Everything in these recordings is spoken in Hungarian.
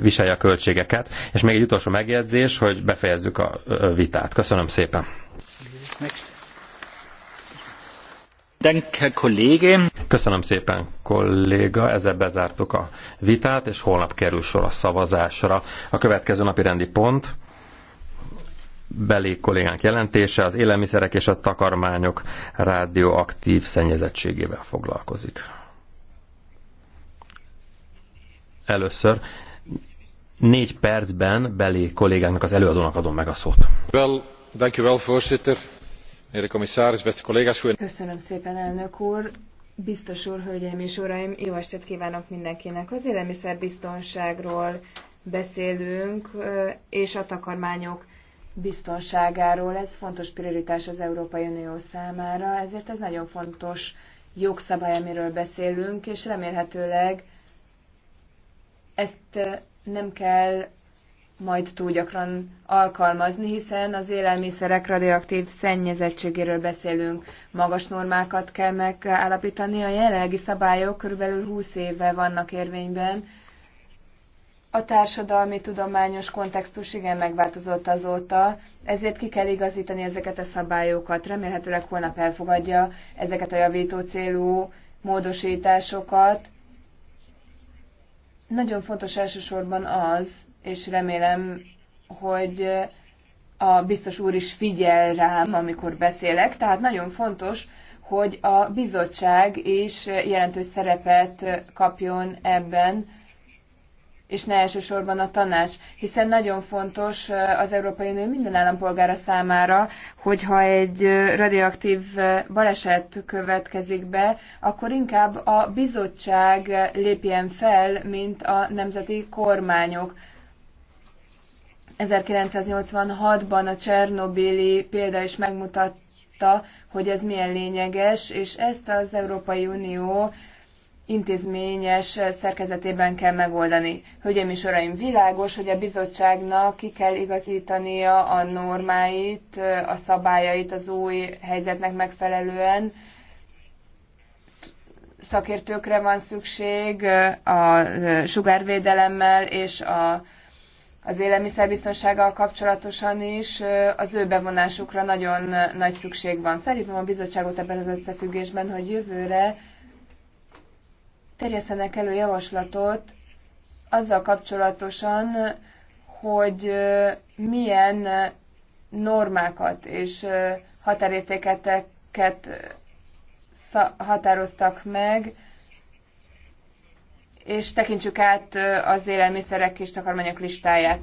viselje a költségeket. És még egy utolsó megjegyzés, hogy befejezzük a vitát. Köszönöm szépen. Köszönöm szépen, kolléga. Ezzel bezártuk a vitát, és holnap kerül sor a szavazásra. A következő napi rendi pont belé kollégánk jelentése az élelmiszerek és a takarmányok rádióaktív szennyezettségével foglalkozik. Először négy percben belé kollégának, az előadónak adom meg a szót. Well, thank you well, voorzitter. Mr. commissaris, beste collega's. Köszönöm szépen, elnök úr. Biztos úr, hölgyeim és uraim, jó estét kívánok mindenkinek. Az élelmiszerbiztonságról beszélünk, és a takarmányok biztonságáról. Ez fontos prioritás az Európai Unió számára, ezért ez nagyon fontos jogszabály, amiről beszélünk, és remélhetőleg ezt nem kell majd túl gyakran alkalmazni, hiszen az élelmiszerek radioaktív szennyezettségéről beszélünk. Magas normákat kell megállapítani, a jelenlegi szabályok körülbelül 20 éve vannak érvényben. A társadalmi tudományos kontextus igen megváltozott azóta, ezért ki kell igazítani ezeket a szabályokat. Remélhetőleg holnap elfogadja ezeket a javító célú módosításokat, nagyon fontos elsősorban az, és remélem, hogy a biztos úr is figyel rám, amikor beszélek, tehát nagyon fontos, hogy a bizottság is jelentős szerepet kapjon ebben, és ne elsősorban a tanács, hiszen nagyon fontos az Európai Unió minden állampolgára számára, hogyha egy radioaktív baleset következik be, akkor inkább a bizottság lépjen fel, mint a nemzeti kormányok. 1986-ban a Csernobili példa is megmutatta, hogy ez milyen lényeges, és ezt az Európai Unió intézményes szerkezetében kell megoldani. Hölgyeim és Uraim, világos, hogy a bizottságnak ki kell igazítania a normáit, a szabályait az új helyzetnek megfelelően. Szakértőkre van szükség a sugárvédelemmel és a az élelmiszerbiztonsággal kapcsolatosan is az ő bevonásukra nagyon nagy szükség van. Felhívom a bizottságot ebben az összefüggésben, hogy jövőre terjesztenek elő javaslatot azzal kapcsolatosan, hogy milyen normákat és határértékeket határoztak meg, és tekintsük át az élelmiszerek és takarmányok listáját.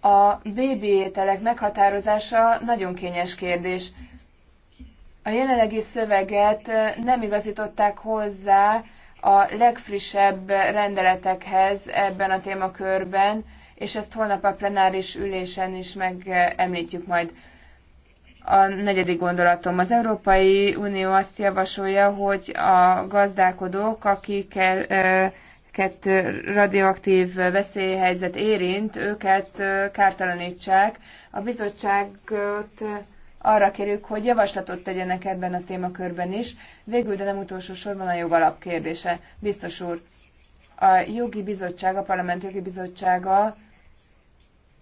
A bébi ételek meghatározása nagyon kényes kérdés. A jelenlegi szöveget nem igazították hozzá a legfrissebb rendeletekhez ebben a témakörben, és ezt holnap a plenáris ülésen is megemlítjük majd. A negyedik gondolatom. Az Európai Unió azt javasolja, hogy a gazdálkodók, akiket radioaktív veszélyhelyzet érint, őket kártalanítsák. A bizottságot arra kérjük, hogy javaslatot tegyenek ebben a témakörben is. Végül, de nem utolsó sorban a jogalap kérdése. Biztos úr, a jogi bizottság, a parlament jogi bizottsága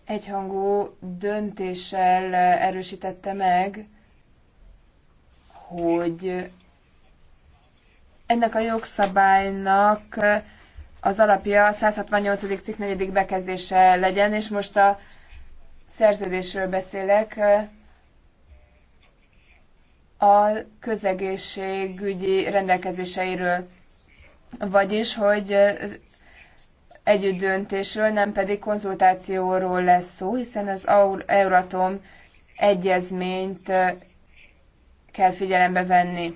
egyhangú döntéssel erősítette meg, hogy ennek a jogszabálynak az alapja 168. cikk 4. bekezdése legyen, és most a szerződésről beszélek, a közegészségügyi rendelkezéseiről. Vagyis, hogy együtt döntésről, nem pedig konzultációról lesz szó, hiszen az Euratom egyezményt kell figyelembe venni.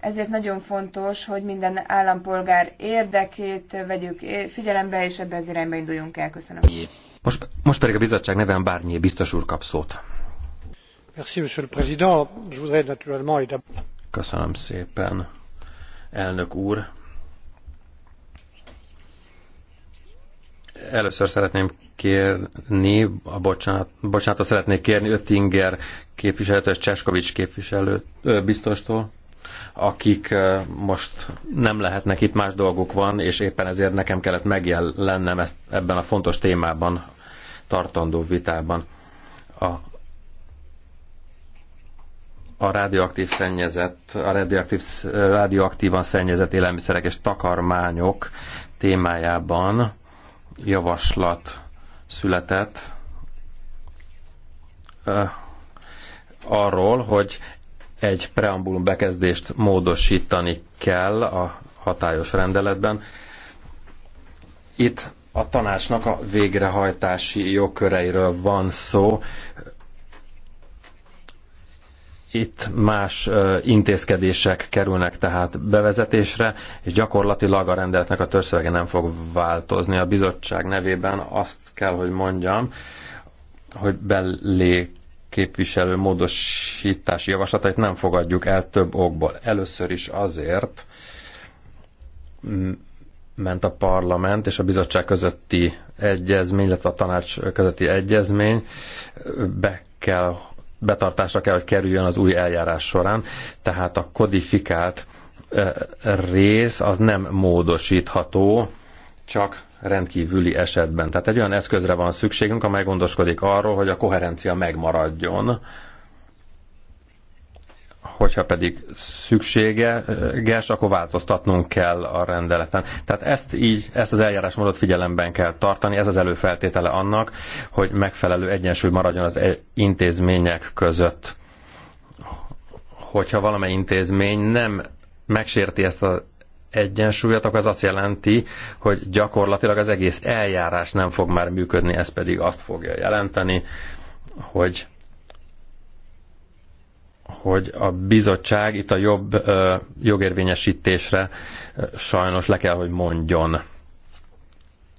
Ezért nagyon fontos, hogy minden állampolgár érdekét vegyük figyelembe, és ebbe az irányba induljunk el. Köszönöm. Most, most pedig a bizottság neven Bárnyé biztos úr kap szót monsieur le président je voudrais naturellement et d'abord. köszönöm szépen elnök úr először szeretném kérni, a bocsánat, bocsánatot szeretnék kérni Öttinger képviselőtől és Cseskovics képviselő biztostól, akik most nem lehetnek itt, más dolguk van, és éppen ezért nekem kellett megjelennem ezt, ebben a fontos témában tartandó vitában. A a radioaktív szennyezett, a radioaktív, radioaktívan szennyezett élelmiszerek és takarmányok témájában javaslat született arról, hogy egy preambulum bekezdést módosítani kell a hatályos rendeletben. Itt a tanácsnak a végrehajtási jogköreiről van szó, itt más intézkedések kerülnek tehát bevezetésre, és gyakorlatilag a rendeletnek a törszövege nem fog változni. A bizottság nevében azt kell, hogy mondjam, hogy belé képviselő módosítási javaslatait nem fogadjuk el több okból. Először is azért ment a parlament és a bizottság közötti egyezmény, illetve a tanács közötti egyezmény be kell, betartásra kell, hogy kerüljön az új eljárás során, tehát a kodifikált rész az nem módosítható, csak rendkívüli esetben. Tehát egy olyan eszközre van szükségünk, amely gondoskodik arról, hogy a koherencia megmaradjon hogyha pedig szükséges, akkor változtatnunk kell a rendeleten. Tehát ezt így, ezt az eljárásmódot figyelemben kell tartani, ez az előfeltétele annak, hogy megfelelő egyensúly maradjon az intézmények között. Hogyha valamely intézmény nem megsérti ezt az egyensúlyot, akkor az azt jelenti, hogy gyakorlatilag az egész eljárás nem fog már működni, ez pedig azt fogja jelenteni, hogy hogy a bizottság itt a jobb jogérvényesítésre sajnos le kell, hogy mondjon.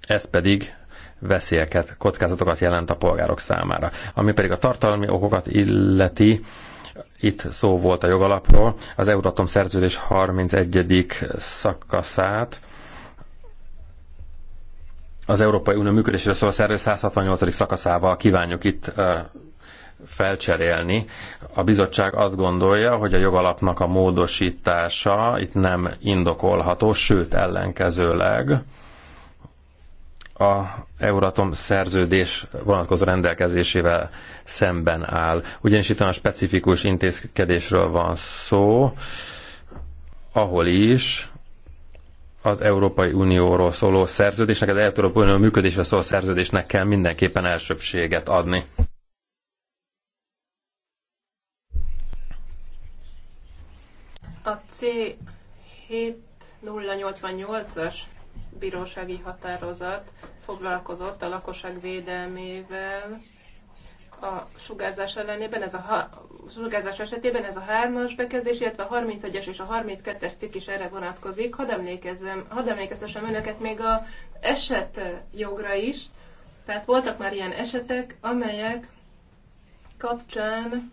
Ez pedig veszélyeket, kockázatokat jelent a polgárok számára. Ami pedig a tartalmi okokat illeti, itt szó volt a jogalapról, az Euratom szerződés 31. szakaszát, az Európai Unió működésére szóló szerződés 168. szakaszával kívánjuk itt felcserélni. A bizottság azt gondolja, hogy a jogalapnak a módosítása itt nem indokolható, sőt ellenkezőleg a Euratom szerződés vonatkozó rendelkezésével szemben áll. Ugyanis itt a specifikus intézkedésről van szó, ahol is az Európai Unióról szóló szerződésnek, az Európai Unió működésre szóló szerződésnek kell mindenképpen elsőbséget adni. A C7088-as bírósági határozat foglalkozott a lakosság védelmével a sugárzás ellenében, ez a ha- sugárzás esetében ez a 3-as bekezdés, illetve a 31-es és a 32-es cikk is erre vonatkozik. Hadd, emlékezzem, hadd emlékeztessem önöket még a eset jogra is. Tehát voltak már ilyen esetek, amelyek kapcsán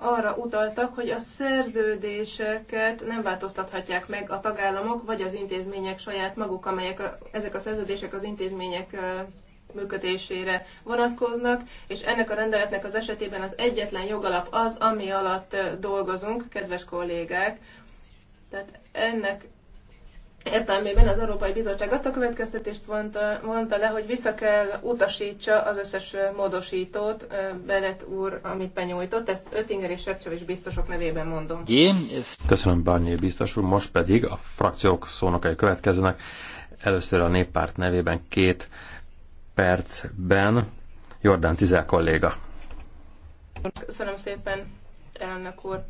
arra utaltak, hogy a szerződéseket nem változtathatják meg a tagállamok vagy az intézmények saját maguk, amelyek a, ezek a szerződések az intézmények működésére vonatkoznak, és ennek a rendeletnek az esetében az egyetlen jogalap az, ami alatt dolgozunk, kedves kollégák. Tehát ennek értelmében az Európai Bizottság azt a következtetést mondta, mondta le, hogy vissza kell utasítsa az összes módosítót, Bennett úr, amit benyújtott, ezt Ötinger és is biztosok nevében mondom. Köszönöm Barnier biztos úr, most pedig a frakciók szónokai következőnek. Először a néppárt nevében két percben Jordán Cizel kolléga. Köszönöm szépen, elnök úr.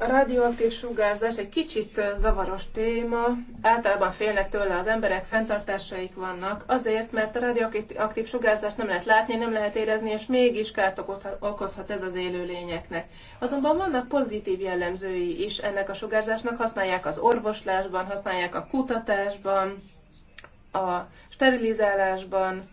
A radioaktív sugárzás egy kicsit zavaros téma, általában félnek tőle az emberek, fenntartásaik vannak, azért, mert a radioaktív sugárzást nem lehet látni, nem lehet érezni, és mégis kárt okozhat ez az élőlényeknek. Azonban vannak pozitív jellemzői is ennek a sugárzásnak, használják az orvoslásban, használják a kutatásban, a sterilizálásban,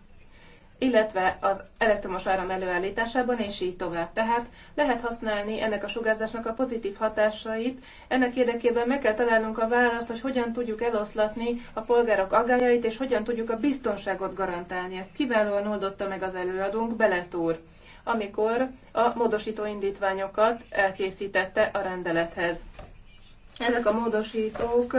illetve az elektromos áram előállításában, és így tovább. Tehát lehet használni ennek a sugárzásnak a pozitív hatásait. Ennek érdekében meg kell találnunk a választ, hogy hogyan tudjuk eloszlatni a polgárok aggájait, és hogyan tudjuk a biztonságot garantálni. Ezt kiválóan oldotta meg az előadónk Beletúr amikor a módosító indítványokat elkészítette a rendelethez. Ezek a módosítók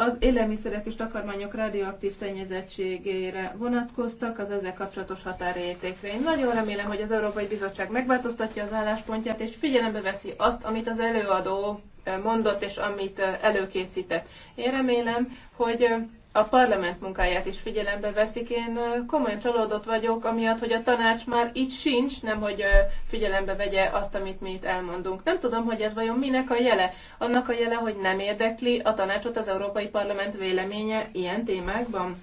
az élelmiszerek és takarmányok radioaktív szennyezettségére vonatkoztak, az ezzel kapcsolatos határértékre. Én nagyon remélem, hogy az Európai Bizottság megváltoztatja az álláspontját, és figyelembe veszi azt, amit az előadó eh, mondott, és amit eh, előkészített. Én remélem, hogy eh, a parlament munkáját is figyelembe veszik. Én komolyan csalódott vagyok, amiatt, hogy a tanács már így sincs, nem hogy figyelembe vegye azt, amit mi itt elmondunk. Nem tudom, hogy ez vajon minek a jele. Annak a jele, hogy nem érdekli a tanácsot az Európai Parlament véleménye ilyen témákban.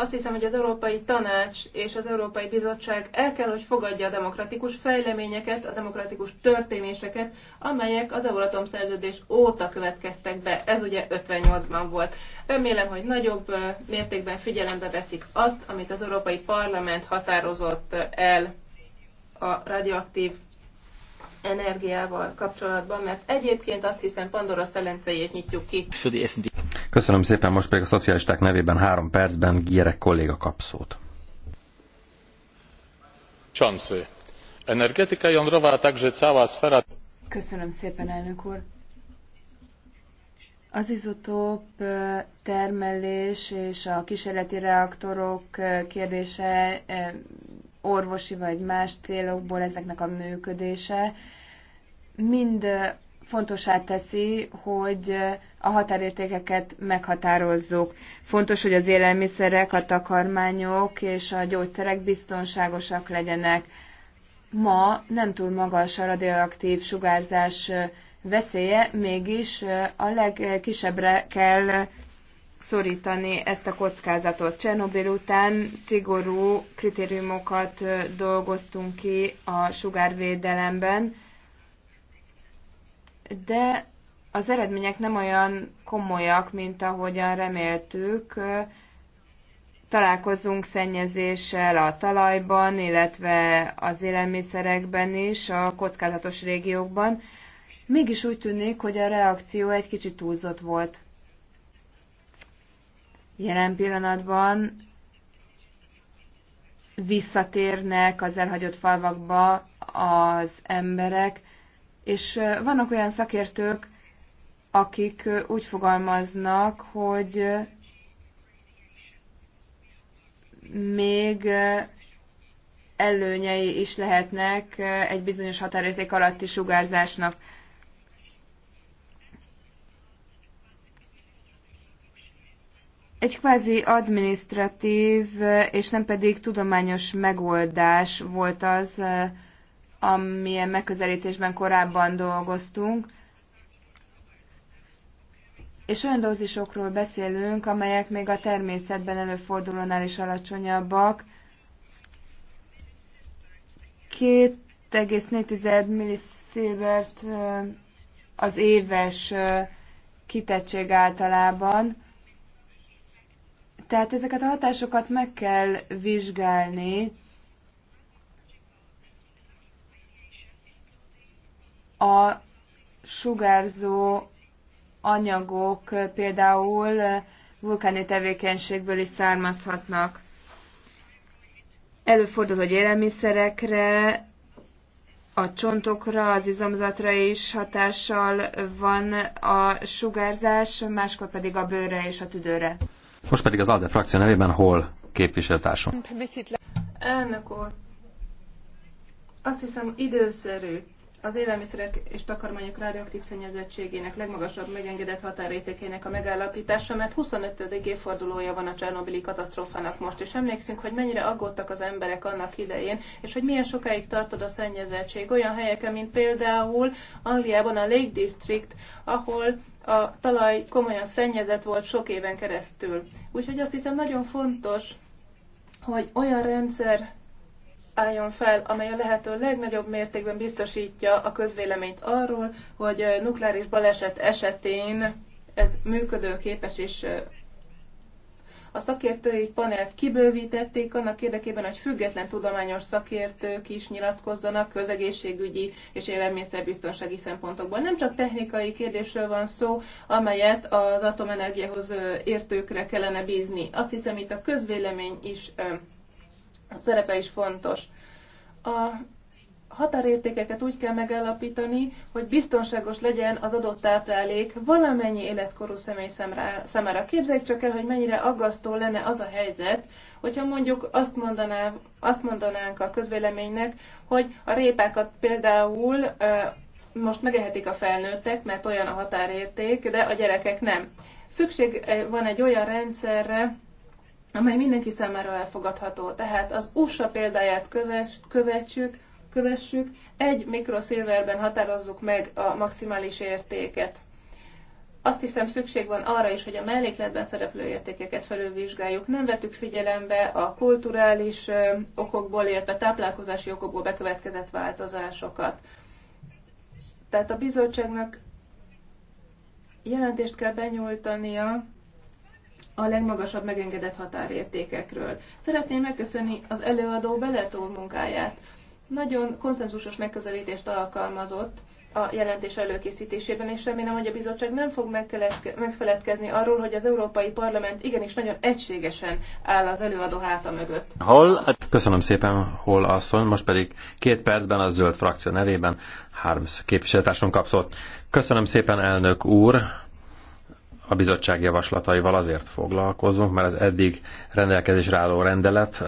Azt hiszem, hogy az Európai Tanács és az Európai Bizottság el kell, hogy fogadja a demokratikus fejleményeket, a demokratikus történéseket, amelyek az Euratom szerződés óta következtek be. Ez ugye 58-ban volt. Remélem, hogy nagyobb mértékben figyelembe veszik azt, amit az Európai Parlament határozott el a radioaktív energiával kapcsolatban, mert egyébként azt hiszem Pandora szelencejét nyitjuk ki. Für die Köszönöm szépen, most pedig a szocialisták nevében három percben Gierek kolléga kap szót. Energetika jądrowa, a także cała sfera... Köszönöm szépen, elnök úr. Az izotóp termelés és a kísérleti reaktorok kérdése orvosi vagy más célokból ezeknek a működése mind fontosá teszi, hogy a határértékeket meghatározzuk. Fontos, hogy az élelmiszerek, a takarmányok és a gyógyszerek biztonságosak legyenek. Ma nem túl magas a radioaktív sugárzás veszélye, mégis a legkisebbre kell szorítani ezt a kockázatot. Csernobil után szigorú kritériumokat dolgoztunk ki a sugárvédelemben, de az eredmények nem olyan komolyak, mint ahogyan reméltük. Találkozunk szennyezéssel a talajban, illetve az élelmiszerekben is, a kockázatos régiókban. Mégis úgy tűnik, hogy a reakció egy kicsit túlzott volt. Jelen pillanatban visszatérnek az elhagyott falvakba az emberek, és vannak olyan szakértők, akik úgy fogalmaznak, hogy még előnyei is lehetnek egy bizonyos határérték alatti sugárzásnak. Egy kvázi administratív és nem pedig tudományos megoldás volt az, amilyen megközelítésben korábban dolgoztunk, és olyan dózisokról beszélünk, amelyek még a természetben előfordulónál is alacsonyabbak. 2,4 milliszilvert az éves kitettség általában. Tehát ezeket a hatásokat meg kell vizsgálni, a sugárzó anyagok például vulkáni tevékenységből is származhatnak. Előfordul, hogy élelmiszerekre, a csontokra, az izomzatra is hatással van a sugárzás, máskor pedig a bőre és a tüdőre. Most pedig az ALDE frakció nevében hol képviseltársunk? Elnök úr, azt hiszem időszerű, az élelmiszerek és takarmányok radioaktív szennyezettségének legmagasabb megengedett határértékének a megállapítása, mert 25. évfordulója van a Csernobili katasztrófának most, és emlékszünk, hogy mennyire aggódtak az emberek annak idején, és hogy milyen sokáig tartod a szennyezettség olyan helyeken, mint például Angliában a Lake District, ahol a talaj komolyan szennyezett volt sok éven keresztül. Úgyhogy azt hiszem nagyon fontos, hogy olyan rendszer álljon fel, amely a lehető legnagyobb mértékben biztosítja a közvéleményt arról, hogy nukleáris baleset esetén ez működőképes és a szakértői panelt kibővítették annak érdekében, hogy független tudományos szakértők is nyilatkozzanak közegészségügyi és élelmiszerbiztonsági szempontokból. Nem csak technikai kérdésről van szó, amelyet az atomenergiához értőkre kellene bízni. Azt hiszem, itt a közvélemény is szerepe is fontos. A határértékeket úgy kell megállapítani, hogy biztonságos legyen az adott táplálék valamennyi életkorú személy számára. Képzeljük csak el, hogy mennyire aggasztó lenne az a helyzet, hogyha mondjuk azt, mondaná, azt mondanánk a közvéleménynek, hogy a répákat például most megehetik a felnőttek, mert olyan a határérték, de a gyerekek nem. Szükség van egy olyan rendszerre, amely mindenki számára elfogadható. Tehát az USA példáját köves, követsük, kövessük, egy mikroszilverben határozzuk meg a maximális értéket. Azt hiszem szükség van arra is, hogy a mellékletben szereplő értékeket felülvizsgáljuk. Nem vetük figyelembe a kulturális okokból, illetve táplálkozási okokból bekövetkezett változásokat. Tehát a bizottságnak jelentést kell benyújtania a legmagasabb megengedett határértékekről. Szeretném megköszönni az előadó Beletó munkáját. Nagyon konszenzusos megközelítést alkalmazott a jelentés előkészítésében, és remélem, hogy a bizottság nem fog megfeledkezni arról, hogy az Európai Parlament igenis nagyon egységesen áll az előadó háta mögött. Hol? Köszönöm szépen, hol asszony. Most pedig két percben a zöld frakció nevében Harms képviselőtársunk kapszott. Köszönöm szépen, elnök úr a bizottság javaslataival azért foglalkozunk, mert az eddig rendelkezésre álló rendelet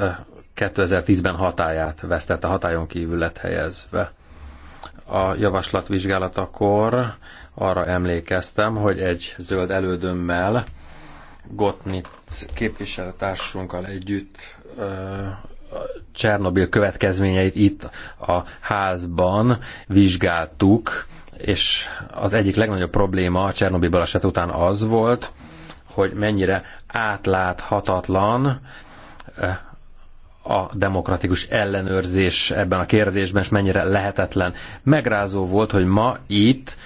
2010-ben hatáját vesztette, hatályon kívül lett helyezve. A javaslat vizsgálatakor arra emlékeztem, hogy egy zöld elődömmel, Gottnitz képviselőtársunkkal együtt Csernobil következményeit itt a házban vizsgáltuk, és az egyik legnagyobb probléma a Csernobi baleset után az volt, hogy mennyire átláthatatlan eh, a demokratikus ellenőrzés ebben a kérdésben, és mennyire lehetetlen. Megrázó volt, hogy ma itt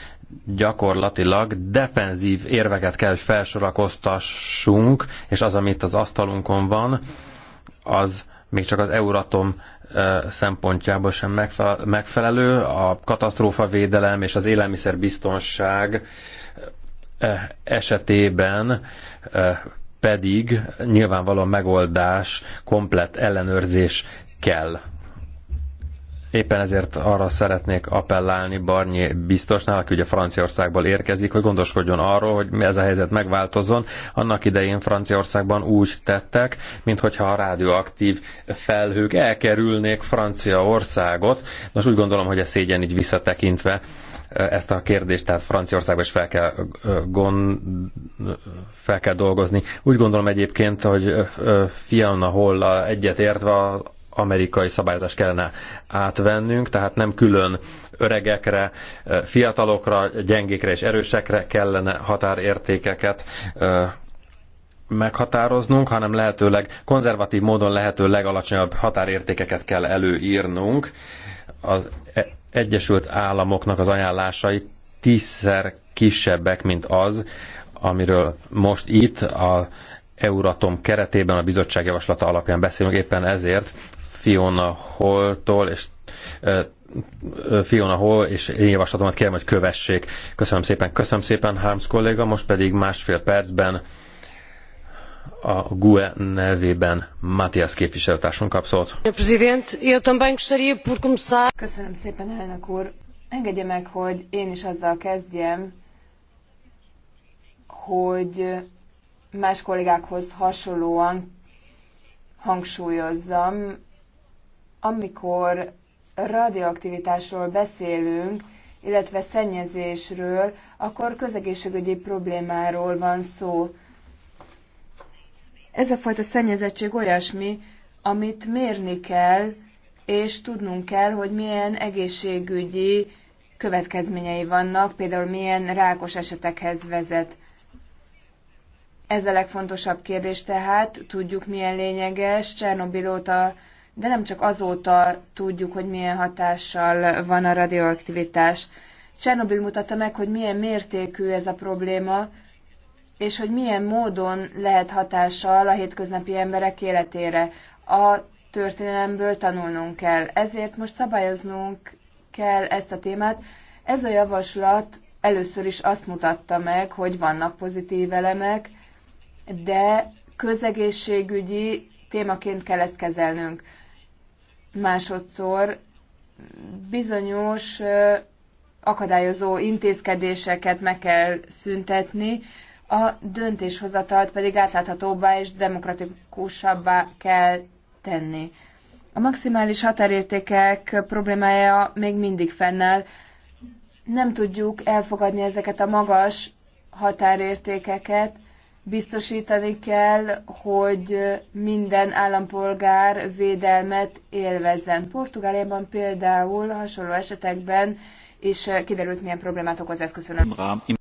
gyakorlatilag defenzív érveket kell, hogy felsorakoztassunk, és az, amit az asztalunkon van, az még csak az Euratom szempontjából sem megfelelő. A katasztrófavédelem és az élelmiszerbiztonság esetében pedig nyilvánvalóan megoldás, komplett ellenőrzés kell. Éppen ezért arra szeretnék appellálni Barnyi biztosnál, aki ugye Franciaországból érkezik, hogy gondoskodjon arról, hogy ez a helyzet megváltozzon. Annak idején Franciaországban úgy tettek, mintha a rádióaktív felhők elkerülnék Franciaországot. Nos, úgy gondolom, hogy ez szégyen így visszatekintve ezt a kérdést, tehát Franciaországban is fel kell, gond, fel kell dolgozni. Úgy gondolom egyébként, hogy Fiona Holla egyetértve amerikai szabályozást kellene átvennünk, tehát nem külön öregekre, eh, fiatalokra, gyengékre és erősekre kellene határértékeket eh, meghatároznunk, hanem lehetőleg konzervatív módon lehető legalacsonyabb határértékeket kell előírnunk. Az e- Egyesült Államoknak az ajánlásai tízszer kisebbek, mint az, amiről most itt a Euratom keretében a bizottság javaslata alapján beszélünk, éppen ezért Fiona Holtól, és Fiona Hall, és én javaslatomat kérem, hogy kövessék. Köszönöm szépen, köszönöm szépen, Harms kolléga, most pedig másfél percben a GUE nevében Matthias képviselőtársunk kapszolt. Köszönöm szépen, elnök úr. Engedje meg, hogy én is azzal kezdjem, hogy más kollégákhoz hasonlóan hangsúlyozzam, amikor radioaktivitásról beszélünk, illetve szennyezésről, akkor közegészségügyi problémáról van szó. Ez a fajta szennyezettség olyasmi, amit mérni kell, és tudnunk kell, hogy milyen egészségügyi következményei vannak, például milyen rákos esetekhez vezet. Ez a legfontosabb kérdés tehát, tudjuk milyen lényeges, Csernobil óta de nem csak azóta tudjuk, hogy milyen hatással van a radioaktivitás. Csernobyl mutatta meg, hogy milyen mértékű ez a probléma, és hogy milyen módon lehet hatással a hétköznapi emberek életére. A történelemből tanulnunk kell. Ezért most szabályoznunk kell ezt a témát. Ez a javaslat először is azt mutatta meg, hogy vannak pozitív elemek, de közegészségügyi témaként kell ezt kezelnünk másodszor bizonyos akadályozó intézkedéseket meg kell szüntetni, a döntéshozatalt pedig átláthatóbbá és demokratikusabbá kell tenni. A maximális határértékek problémája még mindig fennáll. Nem tudjuk elfogadni ezeket a magas határértékeket, Biztosítani kell, hogy minden állampolgár védelmet élvezzen. Portugáliában például hasonló esetekben és kiderült, milyen problémát okoz ez. Köszönöm.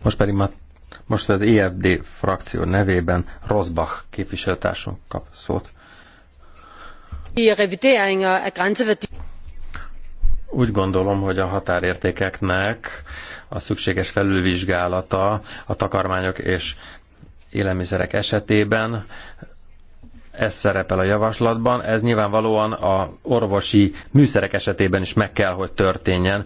Most pedig már most az EFD frakció nevében Rosbach képviselőtársunk kap szót. Úgy gondolom, hogy a határértékeknek a szükséges felülvizsgálata a takarmányok és élelmiszerek esetében, ez szerepel a javaslatban, ez nyilvánvalóan a orvosi műszerek esetében is meg kell, hogy történjen.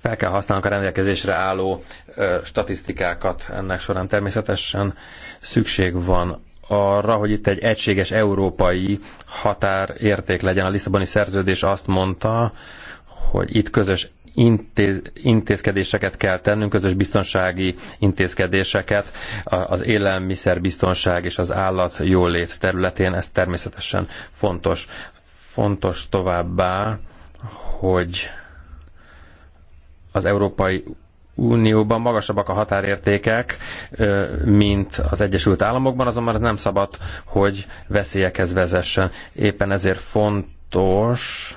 Fel kell használnunk a rendelkezésre álló ö, statisztikákat ennek során. Természetesen szükség van arra, hogy itt egy egységes európai határérték legyen. A Lisszaboni szerződés azt mondta, hogy itt közös intéz, intézkedéseket kell tennünk, közös biztonsági intézkedéseket az élelmiszerbiztonság és az állat jólét területén. Ez természetesen fontos. Fontos továbbá, hogy az Európai Unióban magasabbak a határértékek, mint az Egyesült Államokban, azonban ez nem szabad, hogy veszélyekhez vezessen. Éppen ezért fontos,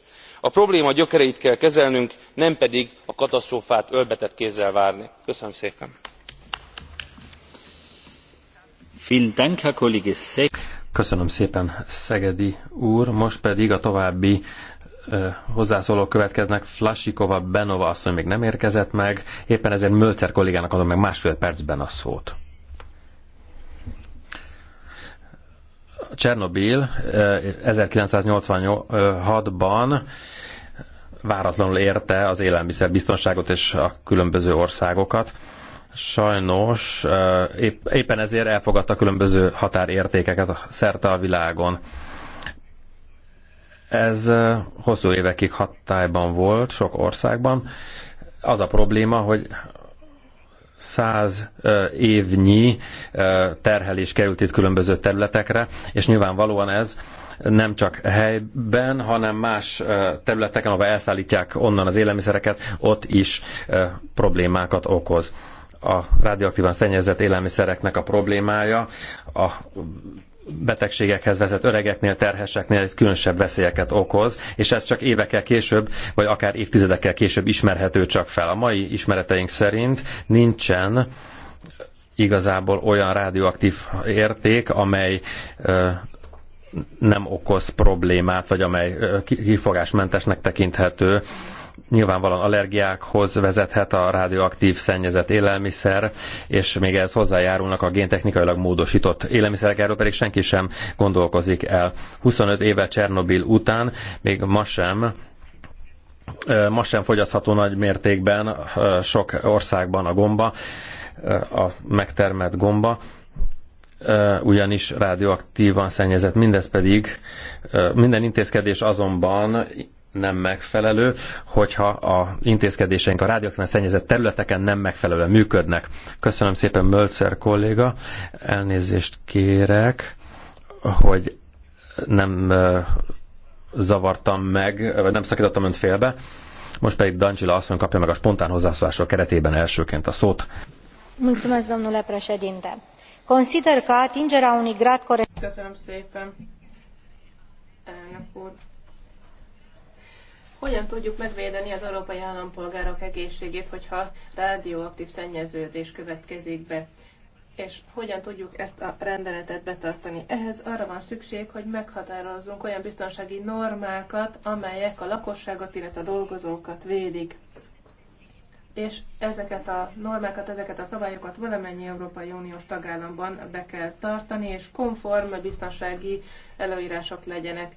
a probléma gyökereit kell kezelnünk nem pedig a katasztrófát ölbetett kézzel várni. köszönöm szépen! Köszönöm szépen, Szegedi úr. Most pedig a további következnek. Benova még nem érkezett meg, éppen ezért adom másfél percben a szót. Csernobil 1986-ban eh, váratlanul érte az élelmiszerbiztonságot és a különböző országokat. Sajnos eh, éppen ezért elfogadta különböző határértékeket szerte a világon. Ez eh, hosszú évekig hatályban volt sok országban. Az a probléma, hogy száz évnyi terhelés került itt különböző területekre, és nyilvánvalóan ez nem csak helyben, hanem más területeken, ahol elszállítják onnan az élelmiszereket, ott is problémákat okoz. A radioaktívan szennyezett élelmiszereknek a problémája a betegségekhez vezet öregeknél, terheseknél ez különösebb veszélyeket okoz, és ez csak évekkel később, vagy akár évtizedekkel később ismerhető csak fel. A mai ismereteink szerint nincsen igazából olyan radioaktív érték, amely nem okoz problémát, vagy amely kifogásmentesnek tekinthető nyilvánvalóan allergiákhoz vezethet a radioaktív szennyezett élelmiszer, és még ehhez hozzájárulnak a géntechnikailag módosított élelmiszerek, erről pedig senki sem gondolkozik el. 25 éve Csernobil után még ma sem ma sem fogyasztható nagy mértékben sok országban a gomba, a megtermelt gomba, ugyanis radioaktívan szennyezett, mindez pedig minden intézkedés azonban nem megfelelő, hogyha a intézkedéseink a rádióaktívan szennyezett területeken nem megfelelően működnek. Köszönöm szépen, Mölcer kolléga. Elnézést kérek, hogy nem zavartam meg, vagy nem szakítottam önt félbe. Most pedig azt asszony kapja meg a spontán hozzászólások keretében elsőként a szót. Mulțumesc, domnule președinte. Consider că atingerea unui grad corect... Köszönöm szépen, elnök hogyan tudjuk megvédeni az európai állampolgárok egészségét, hogyha rádióaktív szennyeződés következik be? és hogyan tudjuk ezt a rendeletet betartani. Ehhez arra van szükség, hogy meghatározzunk olyan biztonsági normákat, amelyek a lakosságot, illetve a dolgozókat védik. És ezeket a normákat, ezeket a szabályokat valamennyi Európai Uniós tagállamban be kell tartani, és konform biztonsági előírások legyenek.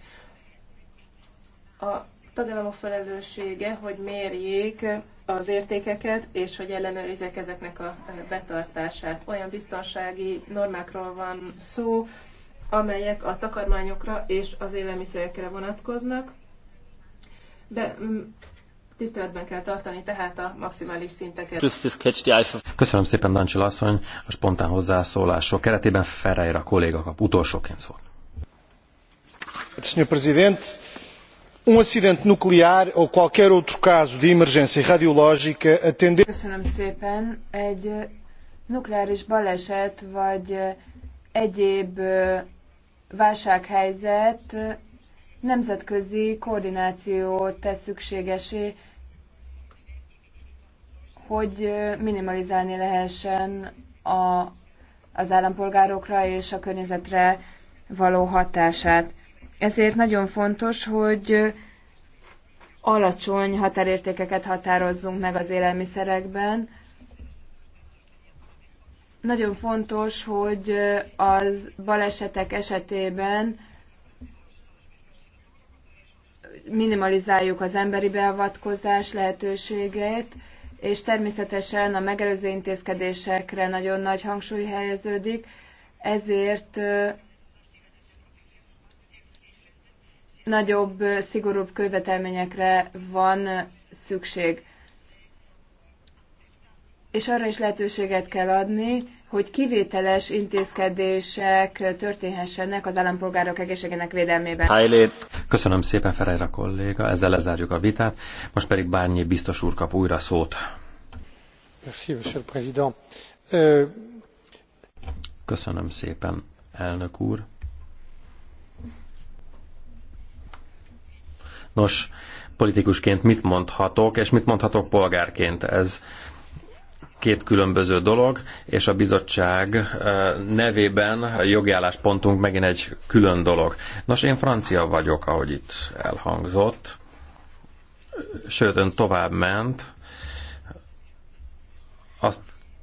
A tagállamok felelőssége, hogy mérjék az értékeket, és hogy ellenőrizzék ezeknek a eh, betartását. Olyan biztonsági normákról van szó, amelyek a takarmányokra és az élelmiszerekre vonatkoznak. De mm, tiszteletben kell tartani tehát a maximális szinteket. Köszönöm szépen, Dancsi Lasszony, a spontán hozzászólások keretében Ferreira kolléga kap utolsóként szólt. Senhor um acidente nuclear ou qualquer outro caso de emergência radiológica a tendência. Köszönöm szépen. Egy eh, nukleáris baleset vagy eh, egyéb eh, válsághelyzet nemzetközi koordinációt tesz szükségesé, hogy minimalizálni lehessen a, az állampolgárokra és a környezetre való hatását. Ezért nagyon fontos, hogy alacsony határértékeket határozzunk meg az élelmiszerekben. Nagyon fontos, hogy az balesetek esetében minimalizáljuk az emberi beavatkozás lehetőségét, és természetesen a megelőző intézkedésekre nagyon nagy hangsúly helyeződik, ezért nagyobb, szigorúbb követelményekre van szükség. És arra is lehetőséget kell adni, hogy kivételes intézkedések történhessenek az állampolgárok egészségének védelmében. Hajlét. Köszönöm szépen Ferreira kolléga, ezzel lezárjuk a vitát, most pedig Bárnyi biztos úr kap újra szót. Euh, Köszönöm szépen, elnök úr. Nos, politikusként mit mondhatok, és mit mondhatok polgárként? Ez két különböző dolog, és a bizottság eh, nevében a álláspontunk megint egy külön dolog. Nos, én francia vagyok, ahogy itt elhangzott, sőt, ön tovább ment, azt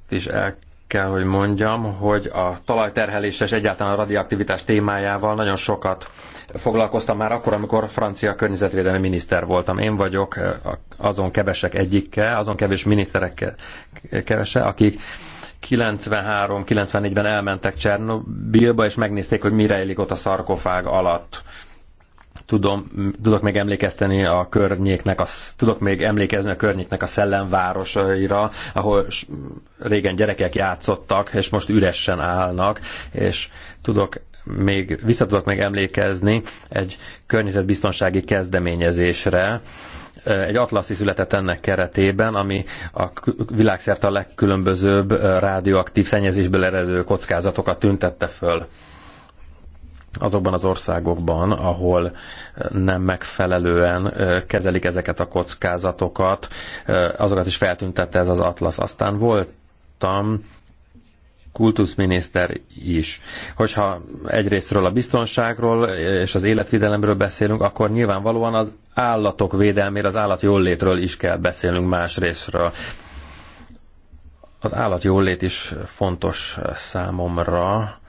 is el kell, hogy mondjam, hogy a talajterhelés és egyáltalán a radioaktivitás témájával nagyon sokat foglalkoztam már akkor, amikor francia környezetvédelmi miniszter voltam. Én vagyok eh, azon kevesek egyike, azon kevés miniszterek kevese, akik 93-94-ben elmentek Csernobilba, és megnézték, hogy mire élik ott a szarkofág alatt tudom, tudok még emlékezteni a környéknek, a, tudok még emlékezni a környéknek a szellemvárosaira, ahol régen gyerekek játszottak, és most üresen állnak, és tudok még, vissza tudok még emlékezni egy környezetbiztonsági kezdeményezésre, egy atlaszi született ennek keretében, ami a világszerte a legkülönbözőbb rádióaktív szennyezésből eredő kockázatokat tüntette föl azokban az országokban, ahol eh, nem megfelelően eh, kezelik ezeket a kockázatokat, eh, azokat is feltüntette ez az atlasz. Aztán voltam kultuszminiszter is. Hogyha egyrésztről a biztonságról és az életvédelemről beszélünk, akkor nyilvánvalóan az állatok védelméről, az állat jólétről is kell beszélnünk másrésztről. Az állat jólét is fontos számomra,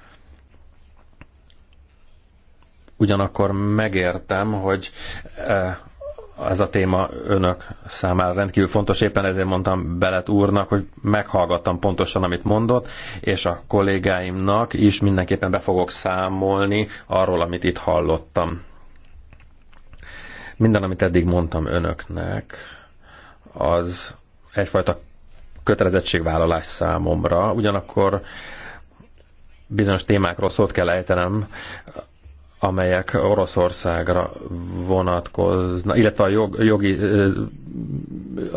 Ugyanakkor megértem, hogy eh, ez a téma önök számára rendkívül fontos, éppen ezért mondtam Belet úrnak, hogy meghallgattam pontosan, amit mondott, és a kollégáimnak is mindenképpen be fogok számolni arról, amit itt hallottam. Minden, amit eddig mondtam önöknek, az egyfajta kötelezettségvállalás számomra, ugyanakkor bizonyos témákról szót kell ejtenem, amelyek Oroszországra vonatkoznak, illetve a jog, jogi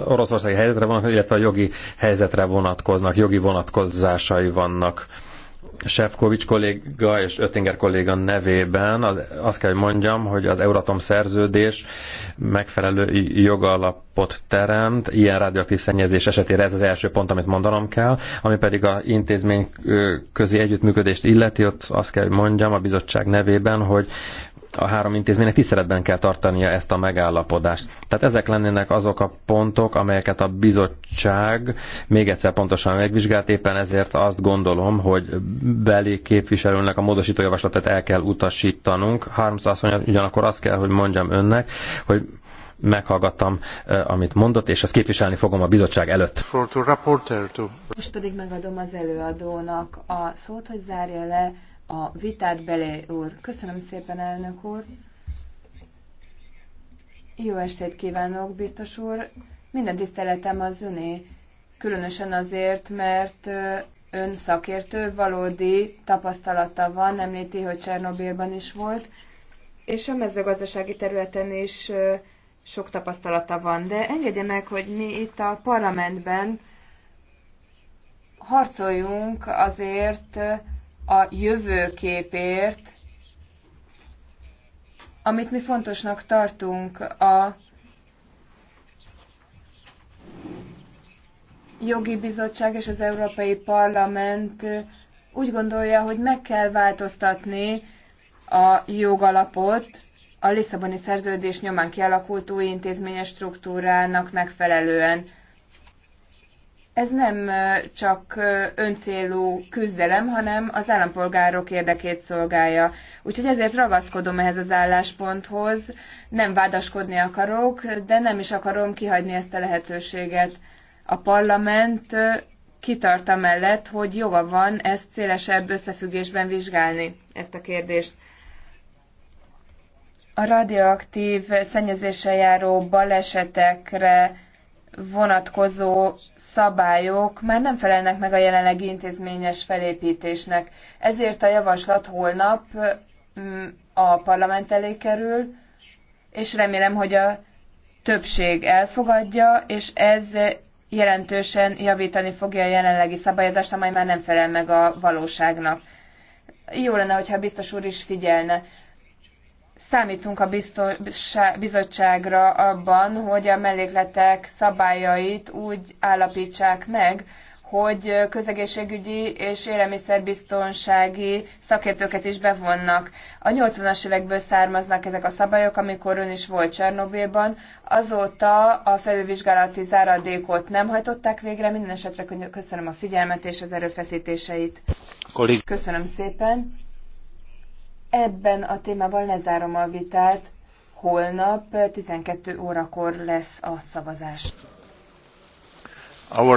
oroszországi helyzetre vonatkoznak, illetve a jogi helyzetre vonatkoznak, jogi vonatkozásai vannak. Sefcovics kolléga és Öttinger kolléga nevében az, azt kell, hogy mondjam, hogy az Euratom szerződés megfelelő jogalapot teremt. Ilyen radioaktív szennyezés esetére ez az első pont, amit mondanom kell, ami pedig a intézmény közi együttműködést illeti, ott azt kell, hogy mondjam a bizottság nevében, hogy a három intézménynek tiszteletben kell tartania ezt a megállapodást. Tehát ezek lennének azok a pontok, amelyeket a bizottság még egyszer pontosan megvizsgált, éppen ezért azt gondolom, hogy beli képviselőnek a módosító javaslatát el kell utasítanunk. Harms azt mondja, ugyanakkor azt kell, hogy mondjam önnek, hogy meghallgattam, eh, amit mondott, és ezt képviselni fogom a bizottság előtt. Most pedig megadom az előadónak a szót, hogy zárja le a vitát, Belé úr. Köszönöm szépen, elnök úr. Jó estét kívánok, biztos úr. Minden tiszteletem az öné, különösen azért, mert ön szakértő, valódi tapasztalata van, említi, hogy Csernobilban is volt, és a mezőgazdasági területen is sok tapasztalata van. De engedje meg, hogy mi itt a parlamentben harcoljunk azért, a jövőképért, amit mi fontosnak tartunk a jogi bizottság és az Európai Parlament úgy gondolja, hogy meg kell változtatni a jogalapot a Lisszaboni szerződés nyomán kialakult új intézményes struktúrának megfelelően ez nem csak öncélú küzdelem, hanem az állampolgárok érdekét szolgálja. Úgyhogy ezért ragaszkodom ehhez az állásponthoz, nem vádaskodni akarok, de nem is akarom kihagyni ezt a lehetőséget. A parlament kitart mellett, hogy joga van ezt szélesebb összefüggésben vizsgálni, ezt a kérdést. A radioaktív szennyezéssel járó balesetekre vonatkozó szabályok már nem felelnek meg a jelenlegi intézményes felépítésnek. Ezért a javaslat holnap mm, a parlament elé kerül, és remélem, hogy a többség elfogadja, és ez jelentősen javítani fogja a jelenlegi szabályozást, amely már nem felel meg a valóságnak. Jó lenne, hogyha biztos úr is figyelne Számítunk a bizottságra abban, hogy a mellékletek szabályait úgy állapítsák meg, hogy közegészségügyi és élelmiszerbiztonsági szakértőket is bevonnak. A 80-as évekből származnak ezek a szabályok, amikor ön is volt Csernobilban. Azóta a felülvizsgálati záradékot nem hajtották végre, minden esetre köszönöm a figyelmet és az erőfeszítéseit. Köszönöm szépen. Ebben a témában lezárom a vitát. Holnap 12 órakor lesz a szavazás. Our